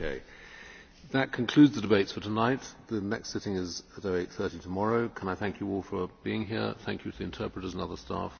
uk. that concludes the debates for tonight. the next sitting is at. eight thirty tomorrow. can i thank you all for being here. thank you to the interpreters and other staff.